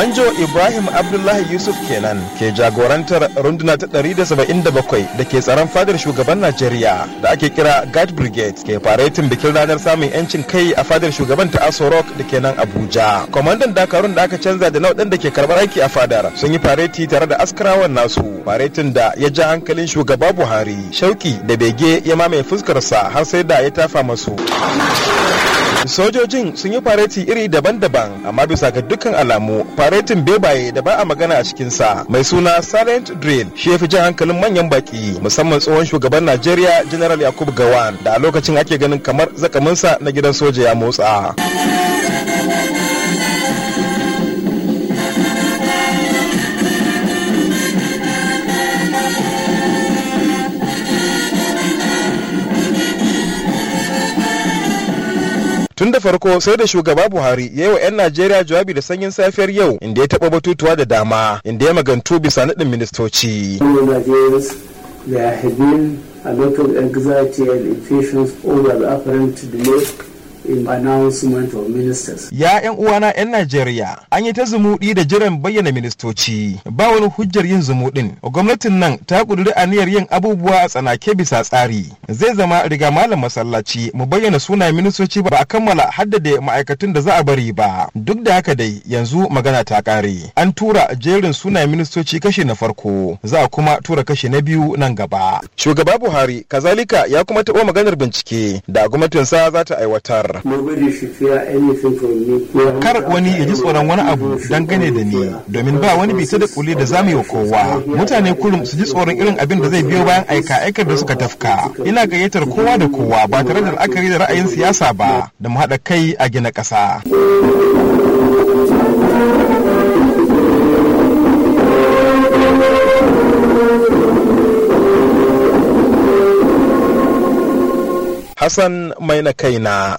manjo ibrahim abdullahi yusuf kenan ke jagorantar runduna ta ɗari da saba'in da da bakwai ke tsaron fadar shugaban najeriya da ake kira guard brigade ke faretin bikin ranar samun yancin kai a fadar shugaban ta aso rock da ke nan abuja kwamandan dakarun da aka canza da nau'in da ke karɓar aiki a fadar sun yi fareti tare da askarawan nasu faretin da ya ja hankalin shugaba buhari shauki da bege ya mamaye fuskarsa har sai da ya tafa masu Sojojin sun yi fareti iri daban-daban amma bisa ga dukkan alamu faretin bebaye da ba a magana a cikinsa mai suna silent drill shi ya fi jan hankalin manyan baki musamman tsohon shugaban Najeriya General Yakub Gawan da a lokacin ake ganin kamar zakaminsa na gidan soja ya motsa. tun da farko sai da shugaba buhari ya yi wa 'yan najeriya jawabi da sanyin safiyar yau inda ya taɓa batutuwa da dama inda ya magantu bisa naɗin ministoci a lot anxiety and impatience over the apparent delay in announcement of ministers. Ya 'yan uwana 'yan Najeriya an yi ta zumuɗi da jiran bayyana ministoci ba wani hujjar yin zumuɗin. Gwamnatin nan ta a aniyar yin abubuwa a tsanake bisa tsari. Zai zama riga malam masallaci mu bayyana suna ministoci ba a kammala haddade ma'aikatun da za a bari ba. Duk da haka dai yanzu magana ta ƙare. An tura jerin suna ministoci kashi na farko za a kuma tura kashi na biyu nan gaba. Shugaba Buhari kazalika ya kuma taɓa maganar bincike da gwamnatinsa za ta aiwatar. barra. Kar wani ya ji tsoron wani abu dangane da ni domin ba wani bisa da kuli da zamu yi kowa. Mutane kullum su ji tsoron irin abin da zai biyo bayan aika aikar da suka tafka. Ina gayyatar kowa da kowa ba tare da la'akari da ra'ayin siyasa ba da mu haɗa kai a gina ƙasa. Hassan maina kaina